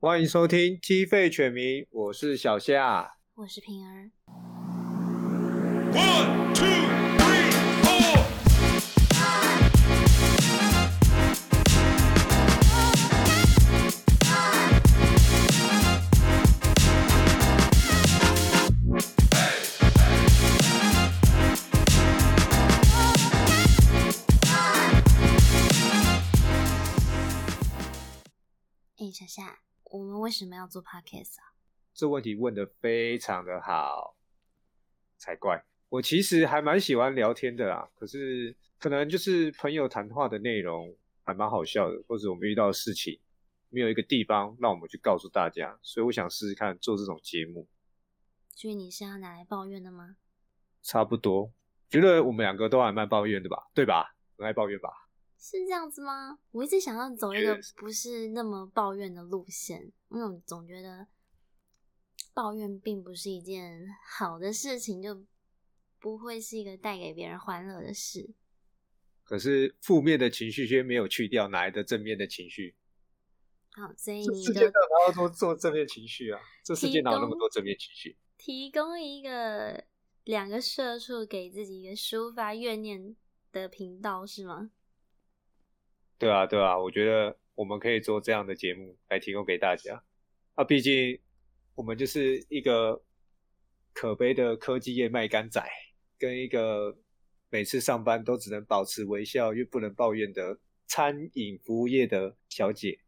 歡迎收聽《雞吠犬鳴》，我是小夏，我是平兒。One two three four. 嘿，音聲音 A, 小夏。我們為什麼要做 Podcast 啊？這問題問得非常的好，才怪！我其實還蠻喜歡聊天的啦，可是可能就是朋友談話的內容還蠻好笑的，或者我們遇到的事情，沒有一個地方讓我們去告訴大家，所以我想試試看做這種節目。所以你是要拿來抱怨的嗎？差不多，覺得我們兩個都還蠻抱怨的吧，對吧？很愛抱怨吧。是這樣子嗎？我一直想要走一個不是那麼抱怨的路線，因為，因為我總覺得抱怨並不是一件好的事情，就不會是一個帶給別人歡樂的事。可是負面的情緒却沒有去掉，哪來的正面的情緒？好，所以你覺得我上哪有正面情緒啊？這世界哪有那麼多正面情緒、啊？ 提供一個兩個社畜給自己一個抒發怨念的頻道是嗎？對啊，對啊，我覺得我們可以做這樣的節目來提供給大家。啊，畢竟我們就是一個可悲的科技業賣肝仔，跟一個每次上班都只能保持微笑又不能抱怨的餐飲服務業的小姐。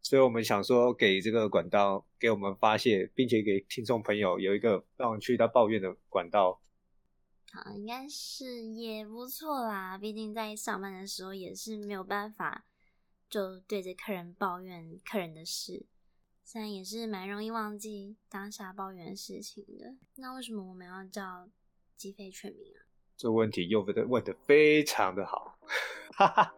所以我們想說，給這個管道給我們發洩，並且給聽眾朋友有一個讓我們去到抱怨的管道。好，應該是也不錯啦。畢竟在上班的時候也是沒有辦法，就對着客人抱怨客人的事，雖然也是蠻容易忘記當下抱怨的事情的。那為什麼我們要叫雞吠犬鳴啊？這問題又問得問的非常的好，哈哈。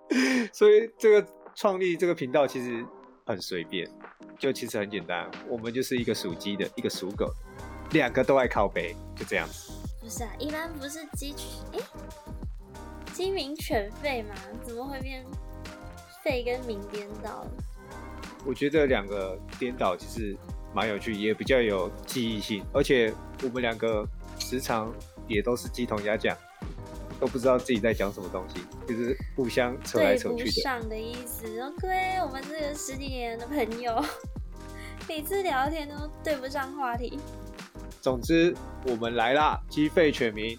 所以這個創立這個頻道其實很隨便，就其實很簡單，我們就是一個屬雞的，一個屬狗的，兩個都愛靠北，就這樣子。不是啊，一般不是雞犬哎，雞鳴犬吠嗎？怎麼會變吠跟鳴顛倒了？我覺得兩個顛倒其實蠻有趣，也比較有記憶性，而且我們兩個時常也都是雞同鴨講，都不知道自己在講什麼東西，就是互相扯來扯去對不上的意思，OK。我們這個十幾年的朋友，每次聊天都對不上話題。總之，我們來啦！雞吠犬鳴。